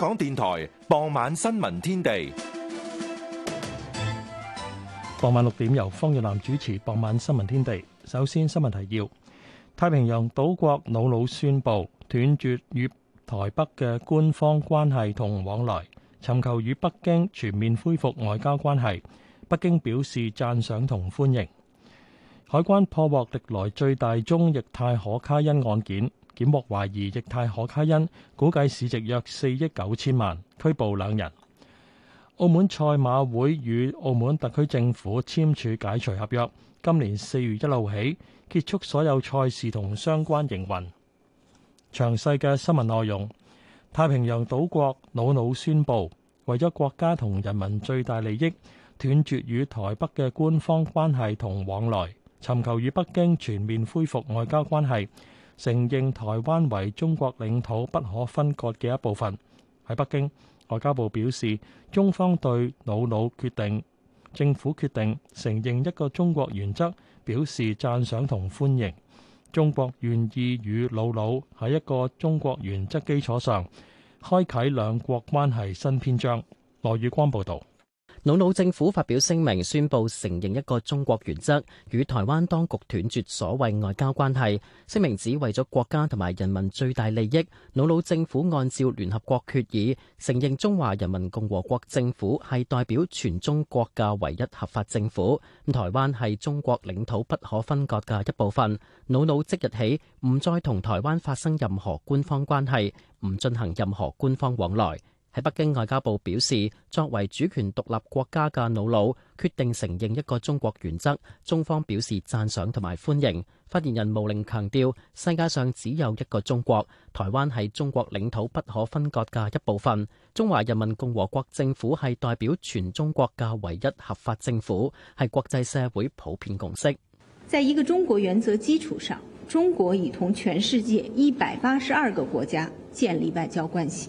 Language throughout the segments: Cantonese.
香港電台傍晚新聞天地，傍晚六點由方若南主持。傍晚新聞天地，首先新聞提要：太平洋島國瑙魯宣布斷絕與台北嘅官方關係同往來，尋求與北京全面恢復外交關係。北京表示讚賞同歡迎。海關破獲歷來最大宗液態可卡因案件。檢獲懷疑液態可卡因，估計市值約四億九千萬，拘捕兩人。澳門賽馬會與澳門特區政府簽署解除合約，今年四月一號起結束所有賽事同相關營運。詳細嘅新聞內容，太平洋島國瑙魯宣布為咗國家同人民最大利益，斷絕與台北嘅官方關係同往來，尋求與北京全面恢復外交關係。承認台灣為中國領土不可分割嘅一部分。喺北京，外交部表示，中方對瑙魯決定政府決定承認一個中國原則表示讚賞同歡迎。中國願意與瑙魯喺一個中國原則基礎上，開啓兩國關係新篇章。羅宇光報導。瑙魯政府發表聲明，宣布承認一個中國原則，與台灣當局斷絕所謂外交關係。聲明指為咗國家同埋人民最大利益，瑙魯政府按照聯合國決議，承認中華人民共和國政府係代表全中國嘅唯一合法政府。台灣係中國領土不可分割嘅一部分。瑙魯即日起唔再同台灣發生任何官方關係，唔進行任何官方往來。喺北京外交部表示，作為主權獨立國家嘅瑙魯，決定承認一個中國原則，中方表示讚賞同埋歡迎。發言人毛寧強調，世界上只有一個中國，台灣係中國領土不可分割嘅一部分。中華人民共和國政府係代表全中國嘅唯一合法政府，係國際社會普遍共識。在一個中國原則基礎上，中國已同全世界一百八十二個國家建立外交關係。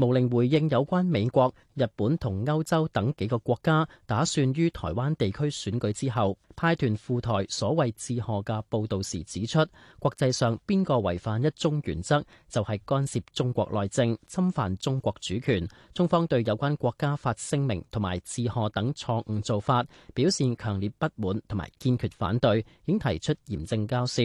毛寧回應有關美國、日本同歐洲等幾個國家打算於台灣地區選舉之後派團赴台所謂致賀嘅報道時指出，國際上邊個違反一中原則，就係干涉中國內政、侵犯中國主權，中方對有關國家發聲明同埋致賀等錯誤做法，表現強烈不滿同埋堅決反對，已經提出嚴正交涉。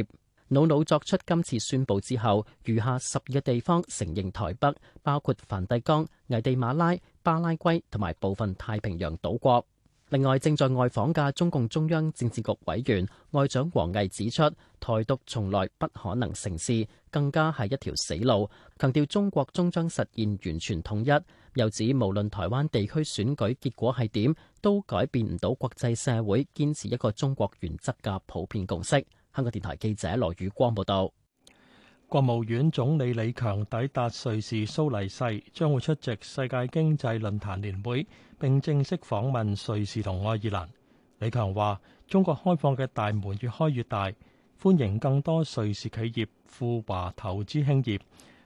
瑙魯作出今次宣布之後，餘下十二個地方承認台北，包括梵蒂岡、危地馬拉、巴拉圭同埋部分太平洋島國。另外，正在外訪嘅中共中央政治局委員外長王毅指出，台獨從來不可能成事，更加係一條死路，強調中國終將實現完全統一。又指無論台灣地區選舉結果係點，都改變唔到國際社會堅持一個中國原則嘅普遍共識。香港電台記者羅宇光報道，國務院總理李強抵達瑞士蘇黎世，將會出席世界經濟論壇年會，並正式訪問瑞士同愛爾蘭。李強話：中國開放嘅大門越開越大，歡迎更多瑞士企業赴華投資興業。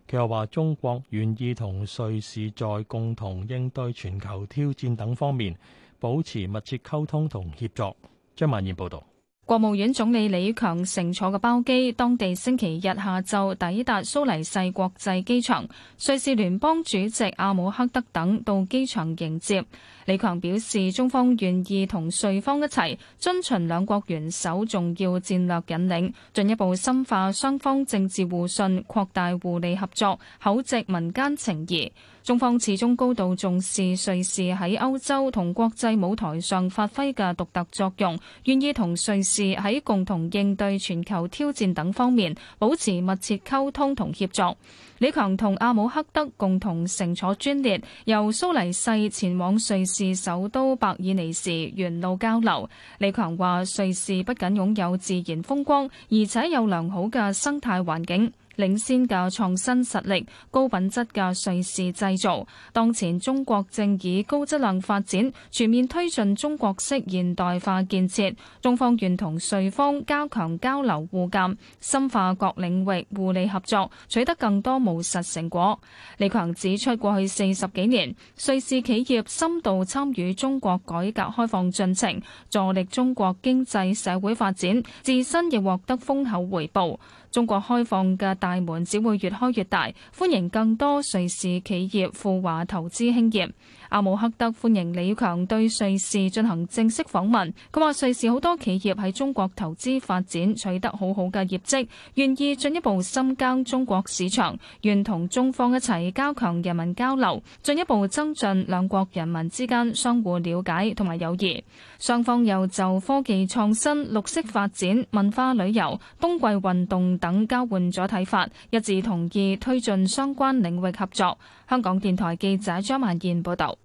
佢又話：中國願意同瑞士在共同應對全球挑戰等方面保持密切溝通同協作。張曼燕報道。國務院總理李強乘坐嘅包機，當地星期日下晝抵達蘇黎世國際機場，瑞士聯邦主席阿姆赫德等到機場迎接。李強表示，中方願意同瑞方一齊遵循兩國元首重要戰略引領，進一步深化雙方政治互信，擴大互利合作，厚植民間情誼。中方始終高度重視瑞士喺歐洲同國際舞台上發揮嘅獨特作用，願意同瑞士喺共同應對全球挑戰等方面保持密切溝通同協作。李強同阿姆赫德共同乘坐專列，由蘇黎世前往瑞士。至首都伯爾尼市，沿路交流。李強話：瑞士不僅擁有自然風光，而且有良好嘅生態環境。領先嘅創新實力、高品質嘅瑞士製造。當前中國正以高質量發展，全面推進中國式現代化建設，中方願同瑞方加強交流互鑒，深化各領域互利合作，取得更多務實成果。李強指出，過去四十幾年，瑞士企業深度參與中國改革開放進程，助力中國經濟社會發展，自身亦獲得豐厚回報。中國開放嘅大門只會越開越大，歡迎更多瑞士企業赴華投資興業。阿姆赫德歡迎李強對瑞士進行正式訪問。佢話：瑞士好多企業喺中國投資發展取得好好嘅業績，願意進一步深耕中國市場，願同中方一齊加強人民交流，進一步增進兩國人民之間相互瞭解同埋友誼。雙方又就科技創新、綠色發展、文化旅遊、冬季運動等交換咗睇法，一致同意推進相關領域合作。香港電台記者張萬健報道：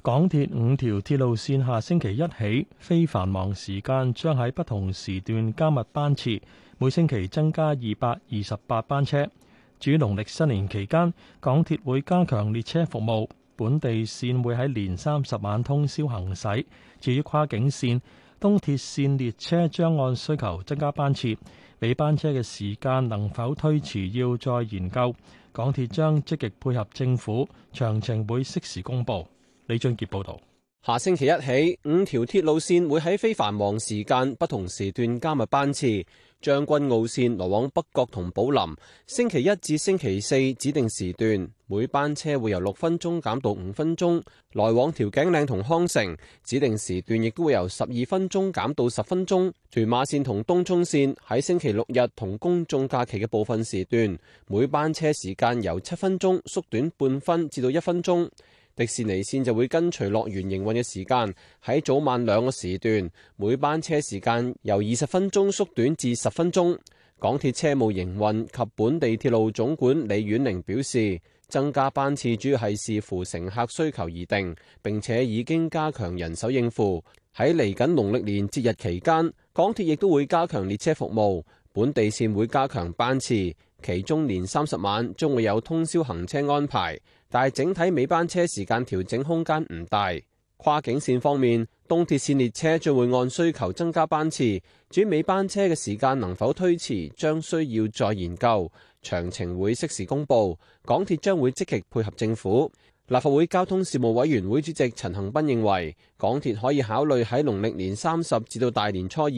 港鐵五條鐵路線下星期一起，非繁忙時間將喺不同時段加密班次，每星期增加二百二十八班車。至於農曆新年期間，港鐵會加強列車服務，本地線會喺年三十晚通宵行駛。至於跨境線，東鐵線列車將按需求增加班次，尾班車嘅時間能否推遲要再研究。港鐵將積極配合政府，詳情會適時公佈。李俊傑報導。下星期一起，五條鐵路線會喺非繁忙時間不同時段加密班次。將軍澳綫來往北角同寶林，星期一至星期四指定時段，每班車會由六分鐘減到五分鐘；來往調景嶺同康城指定時段，亦都會由十二分鐘減到十分鐘。屯馬線同東涌線喺星期六日同公眾假期嘅部分時段，每班車時間由七分鐘縮短半分至到一分鐘。迪士尼線就會跟隨樂園營運嘅時間，喺早晚兩個時段，每班車時間由二十分鐘縮短至十分鐘。港鐵車務營運及本地鐵路總管李婉玲表示，增加班次主要係視乎乘客需求而定，並且已經加強人手應付。喺嚟緊農曆年節日期間，港鐵亦都會加強列車服務，本地線會加強班次，其中年三十晚將會有通宵行車安排。但係整體尾班車時間調整空間唔大。跨境線方面，東鐵線列車將會按需求增加班次，至於尾班車嘅時間能否推遲將需要再研究，詳情會適時公布。港鐵將會積極配合政府。立法會交通事務委員會主席陳恆斌認為，港鐵可以考慮喺農曆年三十至到大年初二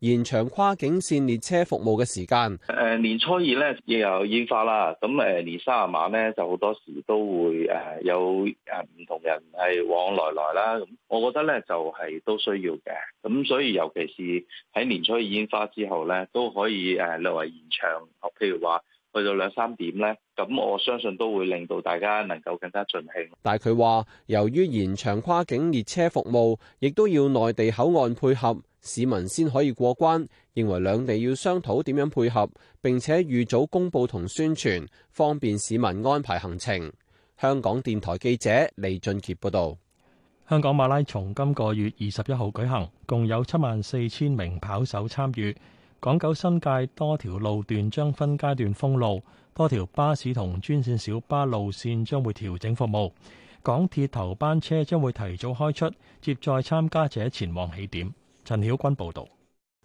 延長跨境線列車服務嘅時間。誒年初二咧，亦有煙花啦，咁誒年卅晚咧就好多時都會誒有誒唔同人係往來來啦。咁我覺得咧就係、是、都需要嘅，咁所以尤其是喺年初二煙花之後咧，都可以誒略為延長，譬如話，去到兩三點呢，咁我相信都會令到大家能夠更加盡興。但係佢話，由於延長跨境列車服務，亦都要內地口岸配合，市民先可以過關。認為兩地要商討點樣配合，並且預早公佈同宣傳，方便市民安排行程。香港電台記者李俊傑報道。香港馬拉松今個月二十一號舉行，共有七萬四千名跑手參與。港九新界多條路段將分階段封路，多條巴士同專線小巴路線將會調整服務，港鐵頭班車將會提早開出，接載參加者前往起點。陳曉君報道。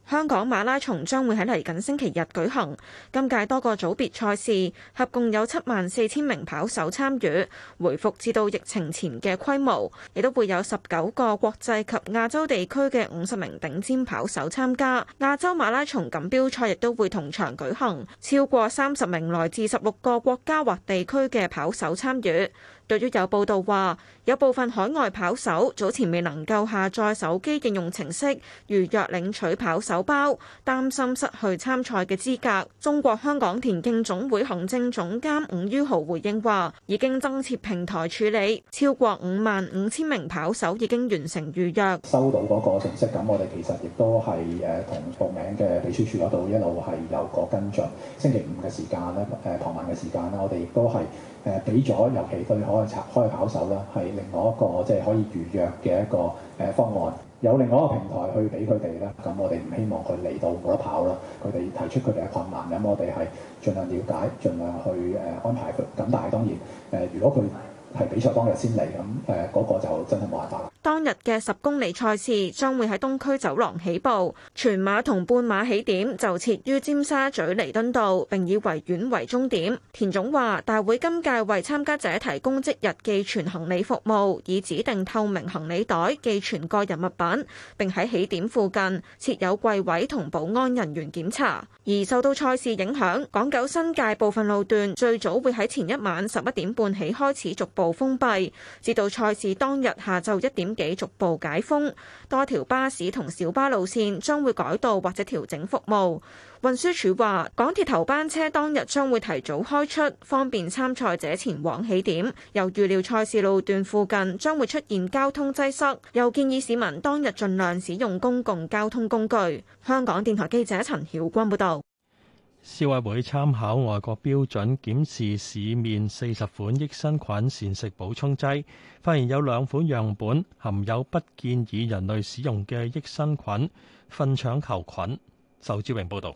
香港馬拉松將會喺嚟緊星期日舉行，今屆多個組別賽事合共有七萬四千名跑手參與，回復至到疫情前嘅規模，亦都會有十九個國際及亞洲地區嘅五十名頂尖跑手參加。亞洲馬拉松錦標賽亦都會同場舉行，超過三十名來自十六個國家或地區嘅跑手參與。對於有報道話有部分海外跑手早前未能夠下載手機應用程式預約領取跑手包，擔心失去參賽嘅資格。中國香港田徑總會行政總監伍於豪回應話：已經增設平台處理，超過五萬五千名跑手已經完成預約，收到嗰個程式咁，我哋其實亦都係誒同報名嘅秘書處嗰度一路係有個跟進。星期五嘅時間咧，誒、啊、傍晚嘅時間啦，我哋亦都係。誒俾咗、呃、尤其對開拆開跑手啦，係另外一個即係可以預約嘅一個誒方案，有另外一個平台去俾佢哋啦。咁我哋唔希望佢嚟到冇得跑啦。佢哋提出佢哋嘅困難，咁我哋係儘量了解，儘量去誒安排佢。咁但係當然誒、呃，如果佢係比賽當日先嚟咁，誒嗰、呃那個就真係冇辦法啦。當日嘅十公里賽事將會喺東區走廊起步，全馬同半馬起點就設於尖沙咀彌敦道，並以維園為終點。田總話，大會今屆為參加者提供即日寄存行李服務，以指定透明行李袋寄存個人物品，並喺起點附近設有櫃位同保安人員檢查。而受到賽事影響，港九新界部分路段最早會喺前一晚十一點半起開始逐步封閉，至到賽事當日下晝一點。幾逐步解封，多條巴士同小巴路線將會改道或者調整服務。運輸署話，港鐵頭班車當日將會提早開出，方便參賽者前往起點。又預料賽事路段附近將會出現交通擠塞，又建議市民當日盡量使用公共交通工具。香港電台記者陳曉光報道。消委會參考外國標準檢視市面四十款益生菌膳食補充劑，發現有兩款樣本含有不建議人類使用嘅益生菌糞腸球菌。仇志榮報道。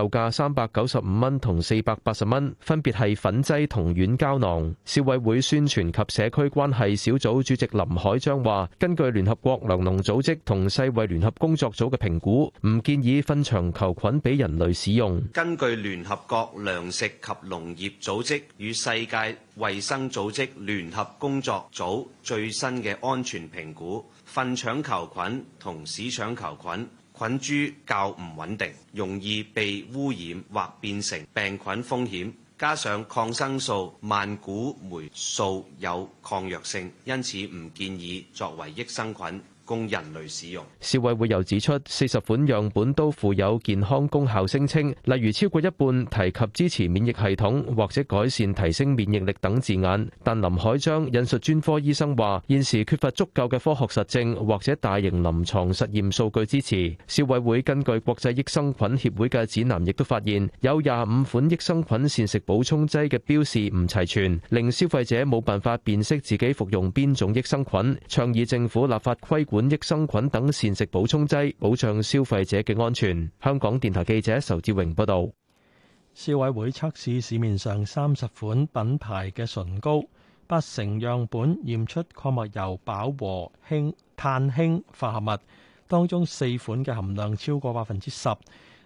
售價三百九十五蚊同四百八十蚊，分別係粉劑同軟膠囊。消委會宣傳及社區關係小組主席林海章話，根據聯合國糧農組織同世衛聯合工作組嘅評估，唔建議糞腸球菌俾人類使用。根據聯合國糧食及農業組織與世界衛生組織聯合工作組最新嘅安全評估，糞腸球菌同屎腸球菌。菌株較唔穩定，容易被污染或變成病菌風險。加上抗生素、萬古黴素有抗藥性，因此唔建議作為益生菌，供人類使用。消委會又指出，四十款樣本都附有健康功效聲稱，例如超過一半提及支持免疫系統或者改善、提升免疫力等字眼。但林海章引述專科醫生話：現時缺乏足夠嘅科學實證或者大型臨牀實驗數據支持。消委會根據國際益生菌協會嘅指南，亦都發現有廿五款益生菌膳食補充劑嘅標示唔齊全，令消費者冇辦法辨識自己服用邊種益生菌。倡議政府立法規管。益生菌等膳食補充劑，保障消費者嘅安全。香港電台記者仇志榮報道。消委會測試市面上三十款品牌嘅唇膏，八成樣本驗出礦物油、飽和氫、碳氫化合物，當中四款嘅含量超過百分之十，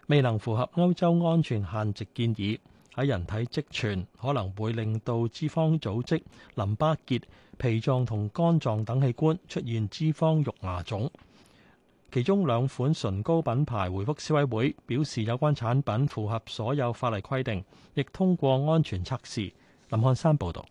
未能符合歐洲安全限值建議。喺人體積存可能會令到脂肪組織、淋巴結、脾臟同肝臟等器官出現脂肪肉芽腫。其中兩款唇膏品牌回覆消委會，表示有關產品符合所有法例規定，亦通過安全測試。林漢山報導。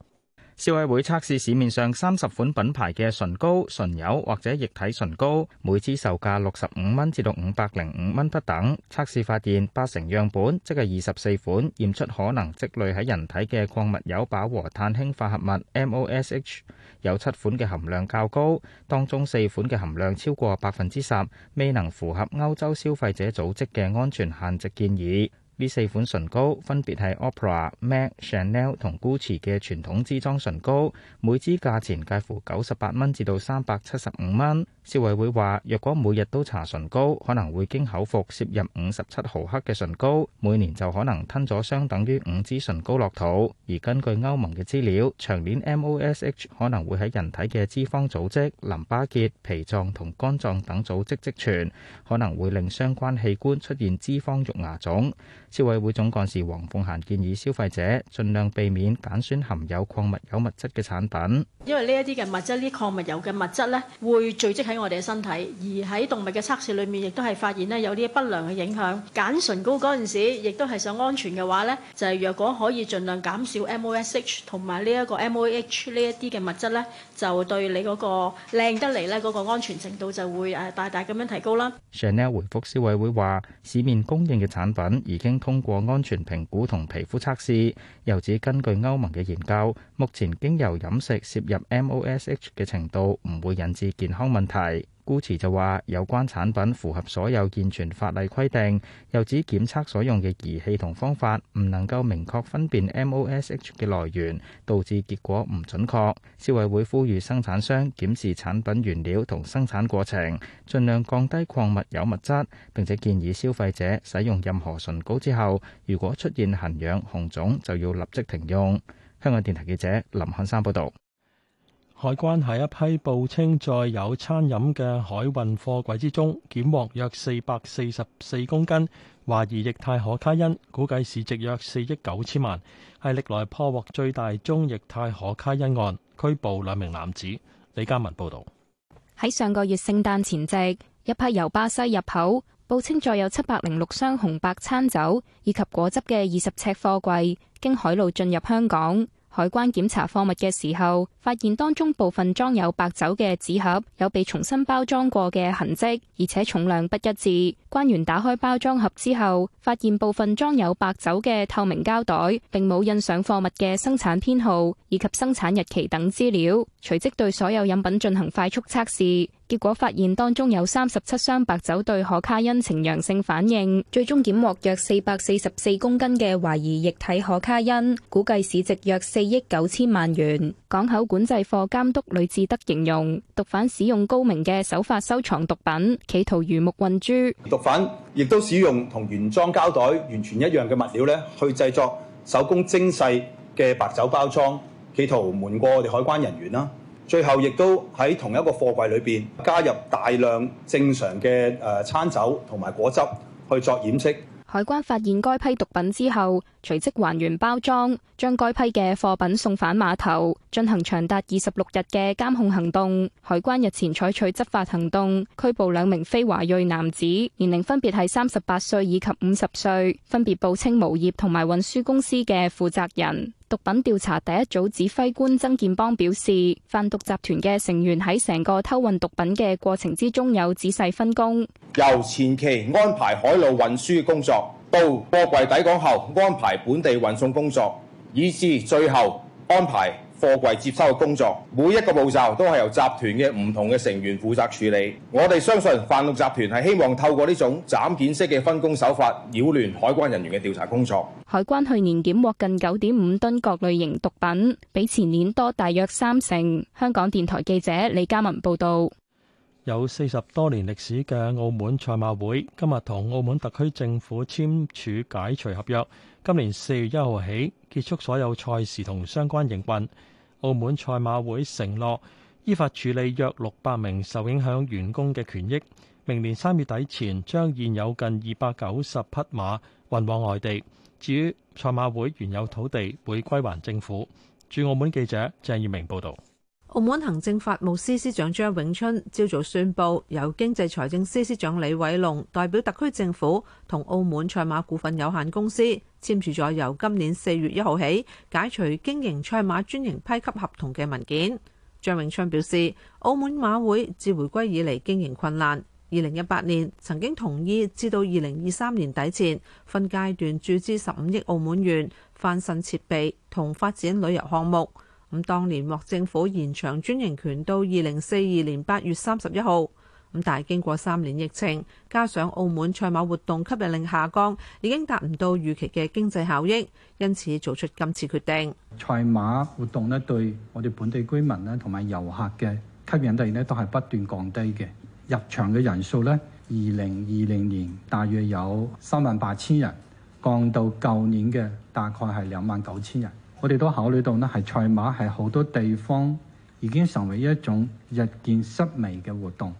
消委會測試市面上三十款品牌嘅唇膏、唇油或者液體唇膏，每支售價六十五蚊至到五百零五蚊不等。測試發現，八成樣本，即係二十四款，驗出可能積累喺人體嘅礦物油飽和碳氫化合物 MOSH，有七款嘅含量較高，當中四款嘅含量超過百分之十，未能符合歐洲消費者組織嘅安全限值建議。呢四款唇膏分別係 Opera、Mac、Chanel 同 Gucci 嘅傳統支裝唇膏，每支價錢介乎九十八蚊至到三百七十五蚊。消委會話，若果每日都搽唇膏，可能會經口服攝入五十七毫克嘅唇膏，每年就可能吞咗相等於五支唇膏落肚。而根據歐盟嘅資料，長鏈 MOSH 可能會喺人體嘅脂肪組織、淋巴結、脾臟同肝臟等組織積存，可能會令相關器官出現脂肪肉芽腫。消委會總幹事黃鳳嫻建議消費者盡量避免揀選含有礦物油物質嘅產品，因為呢一啲嘅物質，呢啲礦物油嘅物質呢，會聚積喺我哋嘅身體，而喺動物嘅測試裏面，亦都係發現呢有啲不良嘅影響。揀唇膏嗰陣時，亦都係想安全嘅話呢，就係、是、若果可以盡量減少 MOSH 同埋呢一個 MOH 呢一啲嘅物質呢，就對你嗰個靚得嚟呢嗰個安全程度就會誒大大咁樣提高啦。Chanel 回覆消委會話，市面供應嘅產品已經。通過安全評估同皮膚測試，又指根據歐盟嘅研究，目前經由飲食攝入 MOSH 嘅程度唔會引致健康問題。姑持就話：有關產品符合所有現存法例規定，又指檢測所用嘅儀器同方法唔能夠明確分辨 MOSH 嘅來源，導致結果唔準確。消委會呼籲生產商檢視產品原料同生產過程，盡量降低礦物油物質。並且建議消費者使用任何唇膏之後，如果出現痕癢、紅腫，就要立即停用。香港電台記者林漢山報道。海關喺一批報稱載有餐飲嘅海運貨櫃之中，檢獲約四百四十四公斤懷疑液態可卡因，估計市值約四億九千萬，係歷來破獲最大宗液態可卡因案，拘捕兩名男子。李嘉文報道：喺上個月聖誕前夕，一批由巴西入口、報稱載有七百零六箱紅白餐酒以及果汁嘅二十尺貨櫃，經海路進入香港。海關檢查貨物嘅時候，發現當中部分裝有白酒嘅紙盒有被重新包裝過嘅痕跡，而且重量不一致。關員打開包裝盒之後，發現部分裝有白酒嘅透明膠袋，並冇印上貨物嘅生產編號以及生產日期等資料，隨即對所有飲品進行快速測試。結果發現當中有三十七箱白酒對可卡因呈陽性反應，最終檢獲約四百四十四公斤嘅懷疑液體可卡因，估計市值約四億九千萬元。港口管制課監督呂志德形容，毒販使用高明嘅手法收藏毒品，企圖魚目混珠。毒販亦都使用同原裝膠袋完全一樣嘅物料咧，去製作手工精細嘅白酒包裝，企圖瞞過我哋海關人員啦。最後亦都喺同一個貨櫃裏邊加入大量正常嘅誒餐酒同埋果汁去作掩飾。海關發現該批毒品之後，隨即還原包裝，將該批嘅貨品送返碼頭，進行長達二十六日嘅監控行動。海關日前採取執法行動，拘捕兩名非華裔男子，年齡分別係三十八歲以及五十歲，分別報稱無業同埋運輸公司嘅負責人。毒品調查第一組指揮官曾建邦表示，販毒集團嘅成員喺成個偷運毒品嘅過程之中有仔細分工，由前期安排海路運輸嘅工作，到貨櫃抵港後，安排本地運送工作，以至最後安排貨櫃接收嘅工作，每一個步驟都係由集團嘅唔同嘅成員負責處理。我哋相信泛陸集團係希望透過呢種斬件式嘅分工手法，擾亂海關人員嘅調查工作。海關去年檢獲近九點五噸各類型毒品，比前年多大約三成。香港電台記者李嘉文報導。有四十多年歷史嘅澳門賽馬會今日同澳門特區政府簽署解除合約，今年四月一號起結束所有賽事同相關營運。澳門賽馬會承諾依法處理約六百名受影響員工嘅權益，明年三月底前將現有近二百九十匹馬運往外地。至於賽馬會原有土地會歸還政府。駐澳門記者鄭業明報道。澳門行政法務司司長張永春朝早宣布，由經濟財政司司長李偉龍代表特區政府同澳門賽馬股份有限公司簽署咗由今年四月一號起解除經營賽馬專營批給合同嘅文件。張永春表示，澳門馬會自回歸以嚟經營困難，二零一八年曾經同意至到二零二三年底前分階段注資十五億澳門元，翻新設備同發展旅遊項目。咁當年獲政府延長專營權到二零四二年八月三十一號，咁但係經過三年疫情，加上澳門賽馬活動吸引力下降，已經達唔到預期嘅經濟效益，因此做出今次決定。賽馬活動呢，對我哋本地居民呢同埋遊客嘅吸引力呢都係不斷降低嘅。入場嘅人數呢，二零二零年大約有三萬八千人，降到舊年嘅大概係兩萬九千人。我哋都考慮到呢係賽馬喺好多地方已經成為一種日見式微嘅活動，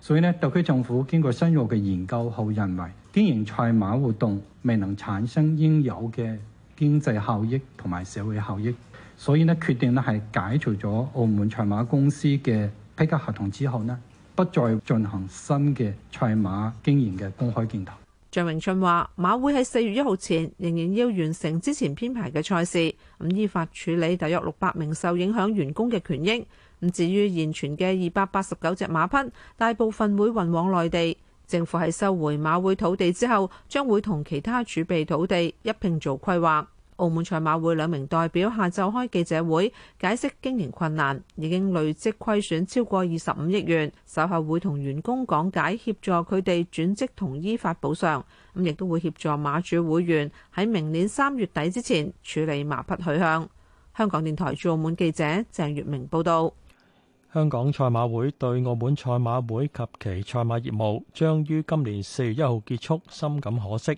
所以呢，特區政府經過深入嘅研究後認為，經營賽馬活動未能產生應有嘅經濟效益同埋社會效益，所以呢，決定呢係解除咗澳門賽馬公司嘅批給合同之後呢，不再進行新嘅賽馬經營嘅公開競投。鄭榮春話：馬會喺四月一號前仍然要完成之前編排嘅賽事，咁依法處理大約六百名受影響員工嘅權益。咁至於現存嘅二百八十九隻馬匹，大部分會運往內地。政府喺收回馬會土地之後，將會同其他儲備土地一併做規劃。澳門賽馬會兩名代表下晝開記者會，解釋經營困難，已經累積虧損超過二十五億元。稍後會同員工講解，協助佢哋轉職同依法補償。咁亦都會協助馬主會員喺明年三月底之前處理馬匹去向。香港電台駐澳門記者鄭月明報道。香港賽馬會對澳門賽馬會及其賽馬業務將於今年四月一號結束，深感可惜。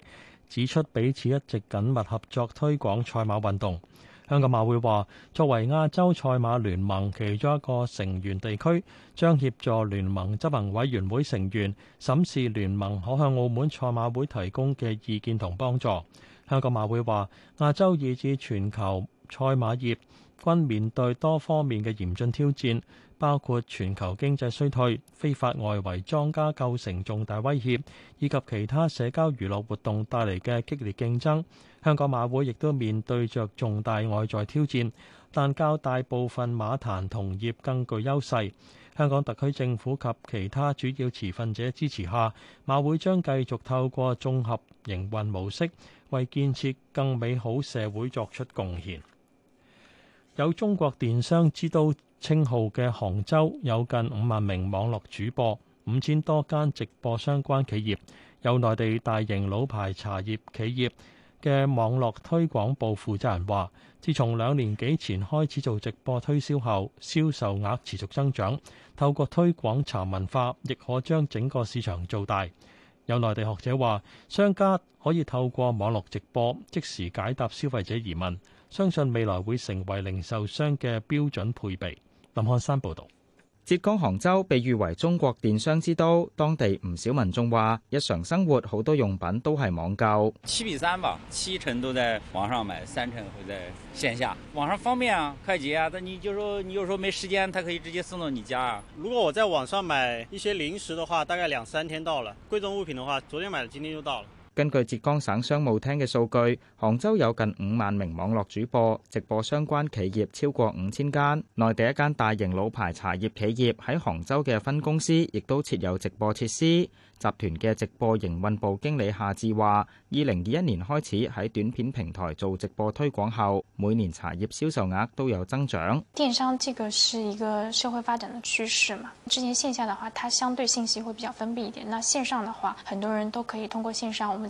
指出彼此一直緊密合作推廣賽馬運動，香港馬會話，作為亞洲賽馬聯盟其中一個成員地區，將協助聯盟執行委員會成員審視聯盟可向澳門賽馬會提供嘅意見同幫助。香港馬會話，亞洲以至全球賽馬業均面對多方面嘅嚴峻挑戰。包括全球經濟衰退、非法外圍莊家構成重大威脅以及其他社交娛樂活動帶嚟嘅激烈競爭，香港馬會亦都面對着重大外在挑戰，但較大部分馬壇同業更具優勢，香港特區政府及其他主要持份者支持下，馬會將繼續透過綜合營運模式，為建設更美好社會作出貢獻，有中國電商知道。稱號嘅杭州有近五萬名網絡主播，五千多間直播相關企業。有內地大型老牌茶葉企業嘅網絡推廣部負責人話，自從兩年幾前開始做直播推銷後，銷售額持續增長。透過推廣茶文化，亦可將整個市場做大。有內地學者話，商家可以透過網絡直播，即時解答消費者疑問，相信未來會成為零售商嘅標準配備。林漢山報道，浙江杭州被譽為中國電商之都，當地唔少民眾話，日常生活好多用品都係網購。七比三吧，七成都在網上買，三成會在線下。網上方便啊，快捷啊，但你就說，你有時候沒時間，他可以直接送到你家啊。如果我在網上買一些零食的話，大概兩三天到了；貴重物品的話，昨天買的今天就到了。根據浙江省商務廳嘅數據，杭州有近五萬名網絡主播，直播相關企業超過五千間。內地一間大型老牌茶葉企業喺杭州嘅分公司，亦都設有直播設施。集團嘅直播營運部經理夏智話，二零二一年開始喺短片平台做直播推廣後，每年茶葉銷售額都有增長。電商這個是一個社會發展嘅趨勢嘛。之前線下嘅話，它相對信息會比較封閉一點。那線上嘅話，很多人都可以通過線上，我們。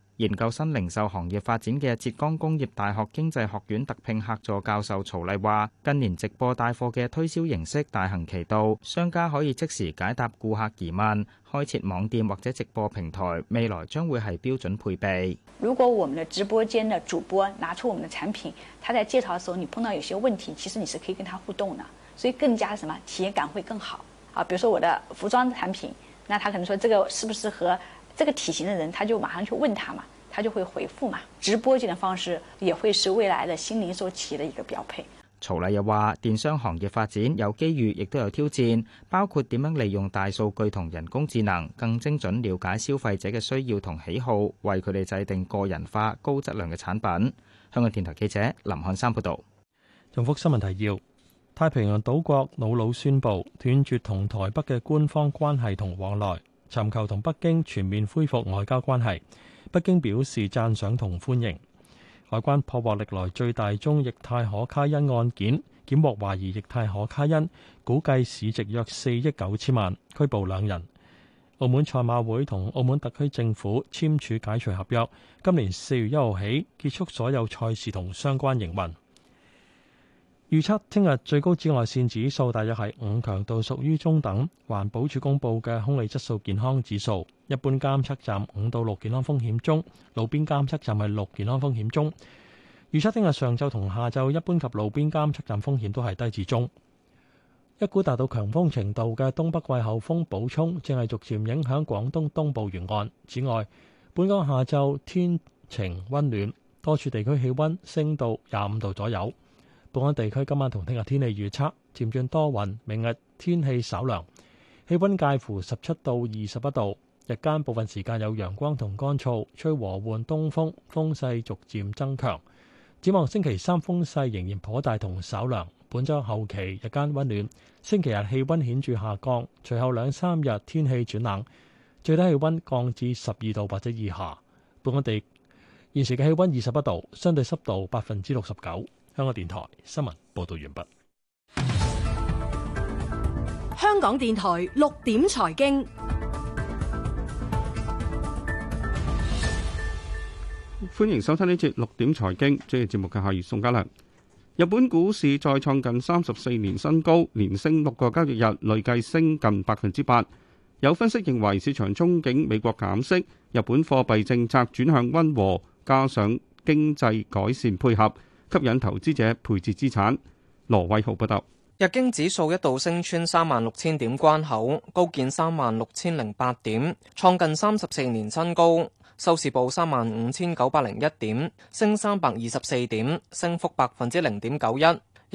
研究新零售行業發展嘅浙江工業大學經濟學院特聘客座教授曹麗話，近年直播帶貨嘅推銷形式大行其道，商家可以即時解答顧客疑問，開設網店或者直播平台，未來將會係標準配備。如果我們的直播間的主播拿出我們的產品，他在介紹的時候，你碰到有些問題，其實你是可以跟他互動的，所以更加什麼體驗感會更好。啊，比如說我的服裝產品，那他可能說這個適不適合？這個體型的人，他就馬上去問他嘛，他就會回覆嘛。直播間的方式也會是未來的新零售企業的一個標配。曹禮又話：電商行業發展有機遇，亦都有挑戰，包括點樣利用大數據同人工智能，更精準了解消費者嘅需要同喜好，為佢哋制定個人化、高質量嘅產品。香港電台記者林漢山報道。重複新聞提要：太平洋島國瑙魯宣布斷絕同台北嘅官方關係同往來。尋求同北京全面恢復外交關係，北京表示讚賞同歡迎。海關破獲歷來最大宗液態可卡因案件，檢獲懷疑液態可卡因，估計市值約四億九千萬，拘捕兩人。澳門賽馬會同澳門特區政府簽署解除合約，今年四月一號起結束所有賽事同相關營運。預測聽日最高紫外線指數大約係五強度，屬於中等。環保署公布嘅空氣質素健康指數，一般監測站五到六健康風險中，路邊監測站係六健康風險中。預測聽日上晝同下晝一般及路邊監測站風險都係低至中。一股達到強風程度嘅東北季候風補充正係逐漸影響廣東東,東部沿岸。此外，本港下晝天晴温暖，多處地區氣温升到廿五度左右。本港地區今晚同聽日天氣預測漸轉多雲，明日天氣稍涼，氣溫介乎十七到二十一度。日間部分時間有陽光同乾燥，吹和緩東風，風勢逐漸增強。展望星期三風勢仍然頗大同稍涼。本周後期日間溫暖，星期日氣溫顯著下降，隨後兩三日天氣轉冷，最低氣溫降至十二度或者以下。本港地現時嘅氣溫二十一度，相對濕度百分之六十九。香港電台新聞報道完畢。香港電台六點財經，歡迎收聽呢節六點財經。主持節目嘅係宋嘉良。日本股市再創近三十四年新高，連升六個交易日，累計升近百分之八。有分析認為，市場憧憬美國減息，日本貨幣政策轉向溫和，加上經濟改善配合，吸引投資者配置資產。羅偉豪報道，日經指數一度升穿三萬六千點關口，高見三萬六千零八點，創近三十四年新高。收市報三萬五千九百零一點，升三百二十四點，升幅百分之零點九一。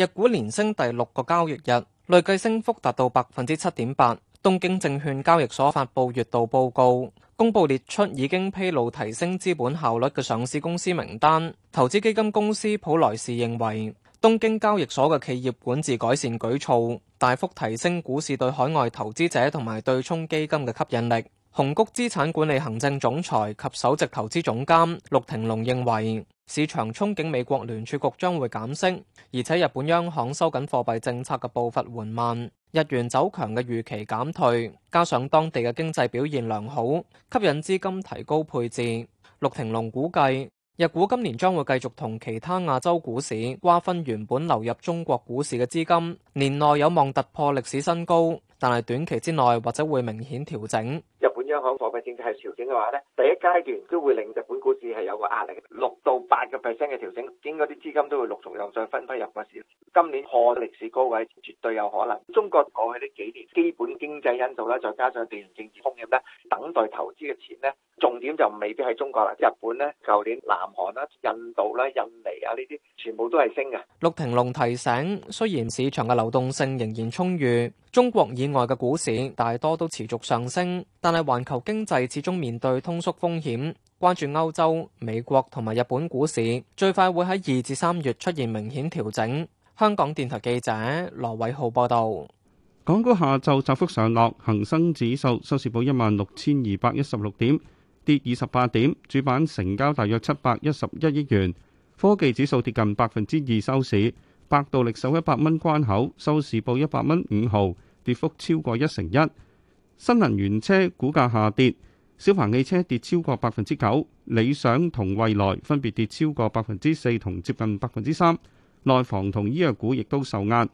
日股連升第六個交易日，累計升幅達到百分之七點八。東京證券交易所發布月度報告。公布列出已經披露提升資本效率嘅上市公司名單，投資基金公司普萊士認為，東京交易所嘅企業管治改善舉措，大幅提升股市對海外投資者同埋對沖基金嘅吸引力。紅谷資產管理行政總裁及首席投資總監陸廷龍認為，市場憧憬美國聯儲局將會減息，而且日本央行收緊貨幣政策嘅步伐緩慢，日元走強嘅預期減退，加上當地嘅經濟表現良好，吸引資金提高配置。陸廷龍估計，日股今年將會繼續同其他亞洲股市瓜分原本流入中國股市嘅資金，年內有望突破歷史新高，但係短期之內或者會明顯調整。香港貨幣政策係調整嘅話咧，第一階段都會令日本股市係有個壓力，六到八個 percent 嘅調整，經過啲資金都會陸續又再分批入個市。今年破歷史高位絕對有可能。中國過去呢幾年基本經濟因素啦，再加上地緣政治風險咧，等待投資嘅錢咧，重點就未必係中國啦。日本咧、舊年、南韓啦、印度啦、印尼啊呢啲，全部都係升嘅。陸廷龍提醒：雖然市場嘅流動性仍然充裕，中國以外嘅股市大多都持續上升，但係環球經濟始終面對通縮風險，關注歐洲、美國同埋日本股市，最快會喺二至三月出現明顯調整。香港電台記者羅偉浩報道。港股下晝窄幅上落，恒生指數收市報一萬六千二百一十六點，跌二十八點，主板成交大約七百一十一億元。科技指數跌近百分之二收市。百度力守一百蚊關口，收市報一百蚊五毫，跌幅超過一成一。新能源車股價下跌，小鵬汽車跌超過百分之九，理想同蔚來分別跌超過百分之四同接近百分之三。內房同醫藥股亦都受壓，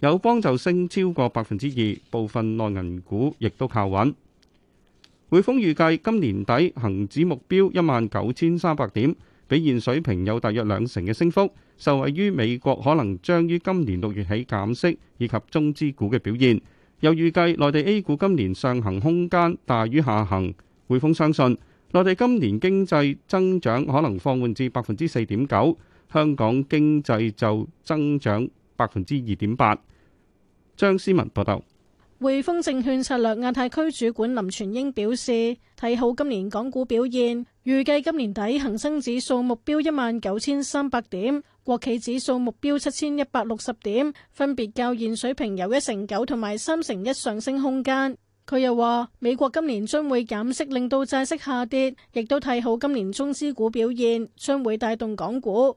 友邦就升超過百分之二，部分內銀股亦都靠穩。匯豐預計今年底恒指目標一萬九千三百點，比現水平有大約兩成嘅升幅，受惠於美國可能將於今年六月起減息，以及中資股嘅表現。又預計內地 A 股今年上行空間大於下行，匯豐相信內地今年經濟增長可能放緩至百分之四點九，香港經濟就增長百分之二點八。張思文報道。匯豐證券策略亞太區主管林全英表示，睇好今年港股表現，預計今年底恒生指數目標一萬九千三百點，國企指數目標七千一百六十點，分別較現水平有一成九同埋三成一上升空間。佢又話，美國今年將會減息，令到債息下跌，亦都睇好今年中資股表現，將會帶動港股。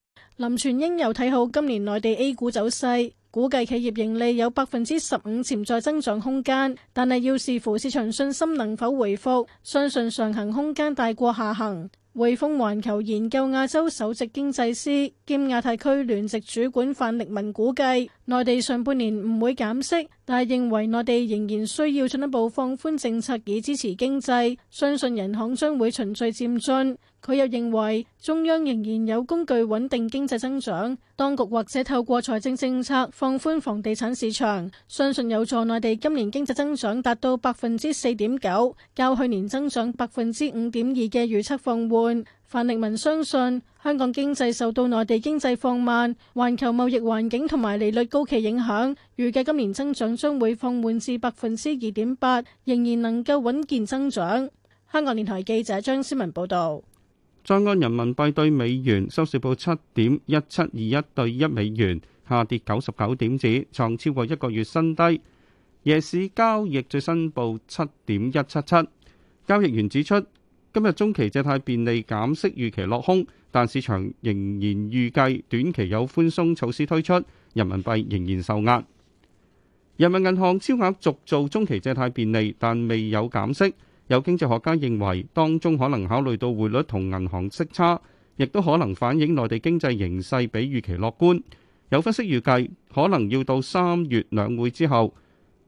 林全英又睇好今年內地 A 股走勢，估計企業盈利有百分之十五潛在增長空間，但係要視乎市場信心能否回復，相信上行空間大過下行。匯豐環球研究亞洲首席經濟師兼亞太區聯席主管范力文估計，內地上半年唔會減息。但係認為內地仍然需要進一步放寬政策以支持經濟，相信人行將會循序漸進，佢又認為中央仍然有工具穩定經濟增長，當局或者透過財政政策放寬房地產市場，相信有助內地今年經濟增長達到百分之四點九，較去年增長百分之五點二嘅預測放緩。范力文相信香港經濟受到內地經濟放慢、環球貿易環境同埋利率高企影響，預計今年增長將會放緩至百分之二點八，仍然能夠穩健增長，香港電台記者張思文報道。在岸人民幣兌美元收市報七點一七二一對一美元，下跌九十九點子，創超過一個月新低。夜市交易最新報七點一七七。交易員指出。今日中期借貸便利減息預期落空，但市場仍然預計短期有寬鬆措施推出，人民幣仍然受壓。人民銀行超額續做中期借貸便利，但未有減息。有經濟學家認為，當中可能考慮到匯率同銀行息差，亦都可能反映內地經濟形勢比預期樂觀。有分析預計，可能要到三月兩會之後，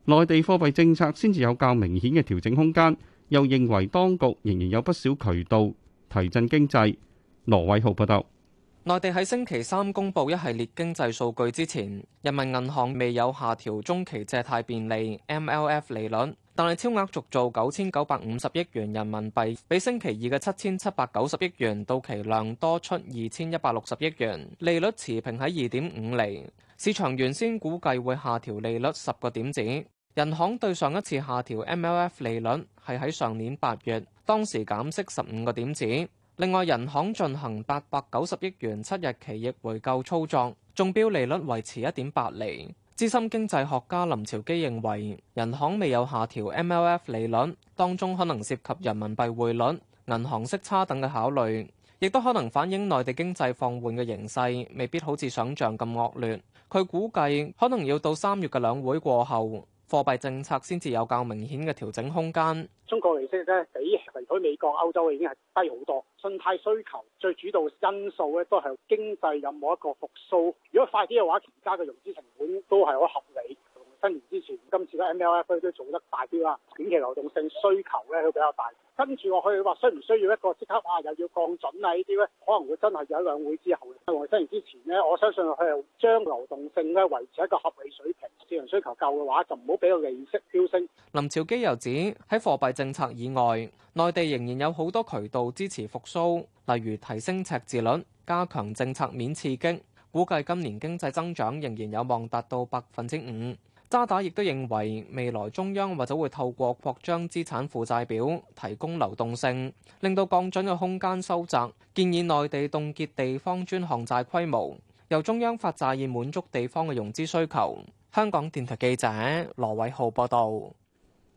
內地貨幣政策先至有較明顯嘅調整空間。又認為當局仍然有不少渠道提振經濟。羅偉豪報道，內地喺星期三公布一系列經濟數據之前，人民銀行未有下調中期借貸便利 （MLF） 利率，但係超額續做九千九百五十億元人民幣，比星期二嘅七千七百九十億元到期量多出二千一百六十億元，利率持平喺二點五釐。市場原先估計會下調利率十個點子。人行對上一次下調 MLF 利率係喺上年八月，當時減息十五個點子。另外，人行進行八百九十億元七日期逆回購操作，中標利率維持一點八厘。資深經濟學家林朝基認為，人行未有下調 MLF 利率，當中可能涉及人民幣匯率、銀行息差等嘅考慮，亦都可能反映內地經濟放緩嘅形勢，未必好似想像咁惡劣。佢估計可能要到三月嘅兩會過後。貨幣政策先至有較明顯嘅調整空間。中國利息咧比嚟睇美國，歐洲已經係低好多。信貸需求最主導因素咧都係經濟有冇一個復甦。如果快啲嘅話，其他嘅融資成本都係好合理。新年之前，今次嘅 M L F 都做得大啲啦。短期流動性需求咧都比較大，跟住我去話需唔需要一個即刻啊又要降準啊呢啲咧，可能會真係有一兩會之後。新年之前呢，我相信佢係將流動性咧維持一個合理水平。市場需求夠嘅話就唔好俾個利息飆升。林朝基又指喺貨幣政策以外，內地仍然有好多渠道支持復甦，例如提升赤字率、加強政策面刺激。估計今年經濟增長仍然有望達到百分之五。渣打亦都認為，未來中央或者會透過擴張資產負債表提供流動性，令到降準嘅空間收窄。建議內地凍結地方專項債規模，由中央發債以滿足地方嘅融資需求。香港電台記者羅偉浩報道。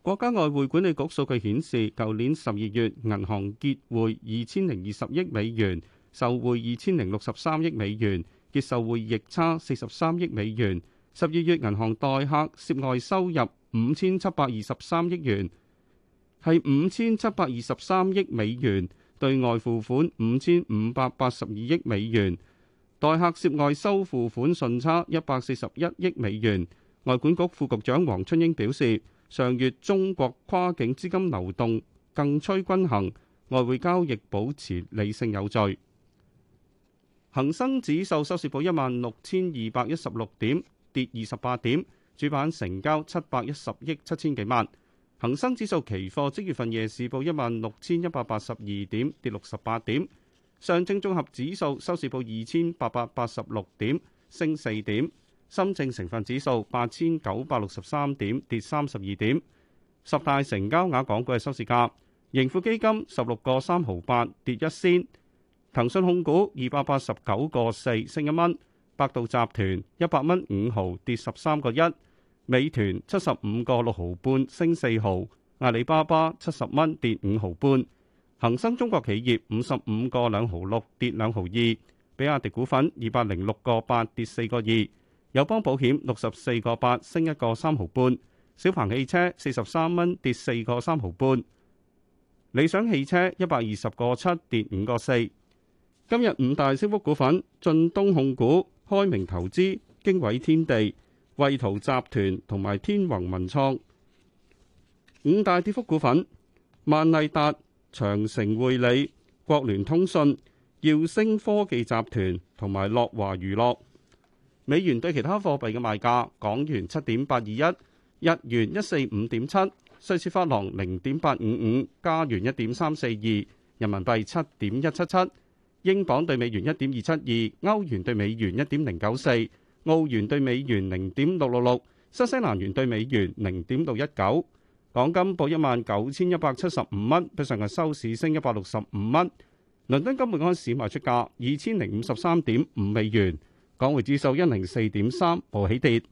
國家外匯管理局數據顯示，舊年十二月銀行結匯二千零二十億美元，售匯二千零六十三億美元，結售匯逆差四十三億美元。十二月銀行代客涉外收入五千七百二十三億元，係五千七百二十三億美元；對外付款五千五百八十二億美元，代客涉外收付款順差一百四十一億美元。外管局副局長黃春英表示，上月中國跨境資金流動更趨均衡，外匯交易保持理性有序。恒生指數收市報一萬六千二百一十六點。跌二十八點，主板成交七百一十億七千幾萬。恒生指數期貨即月份夜市報一萬六千一百八十二點，跌六十八點。上證綜合指數收市報二千八百八十六點，升四點。深證成分指數八千九百六十三點，跌三十二點。十大成交額港股嘅收市價，盈富基金十六個三毫八，跌一仙。騰訊控股二百八十九個四，升一蚊。百度集團一百蚊五毫跌十三個一，美團七十五個六毫半升四毫，阿里巴巴七十蚊跌五毫半，恒生中國企業五十五個兩毫六跌兩毫二，比亞迪股份二百零六個八跌四個二，友邦保險六十四個八升一個三毫半，小鵬汽車四十三蚊跌四個三毫半，理想汽車一百二十個七跌五個四。今日五大升幅股,股份：晉東控股。開明投資、經緯天地、惠圖集團同埋天宏文創。五大跌幅股份，萬麗達、長城匯理、國聯通訊、耀星科技集團同埋樂華娛樂。美元對其他貨幣嘅賣價：港元七點八二一，日元一四五點七，瑞士法郎零點八五五，加元一點三四二，人民幣七點一七七。英鎊對美元一點二七二，歐元對美元一點零九四，澳元對美元零點六六六，新西蘭元對美元零點到一九。港金報一萬九千一百七十五蚊，比上日收市升一百六十五蚊。倫敦金本港市賣出價二千零五十三點五美元，港匯指數一零四點三，報起跌。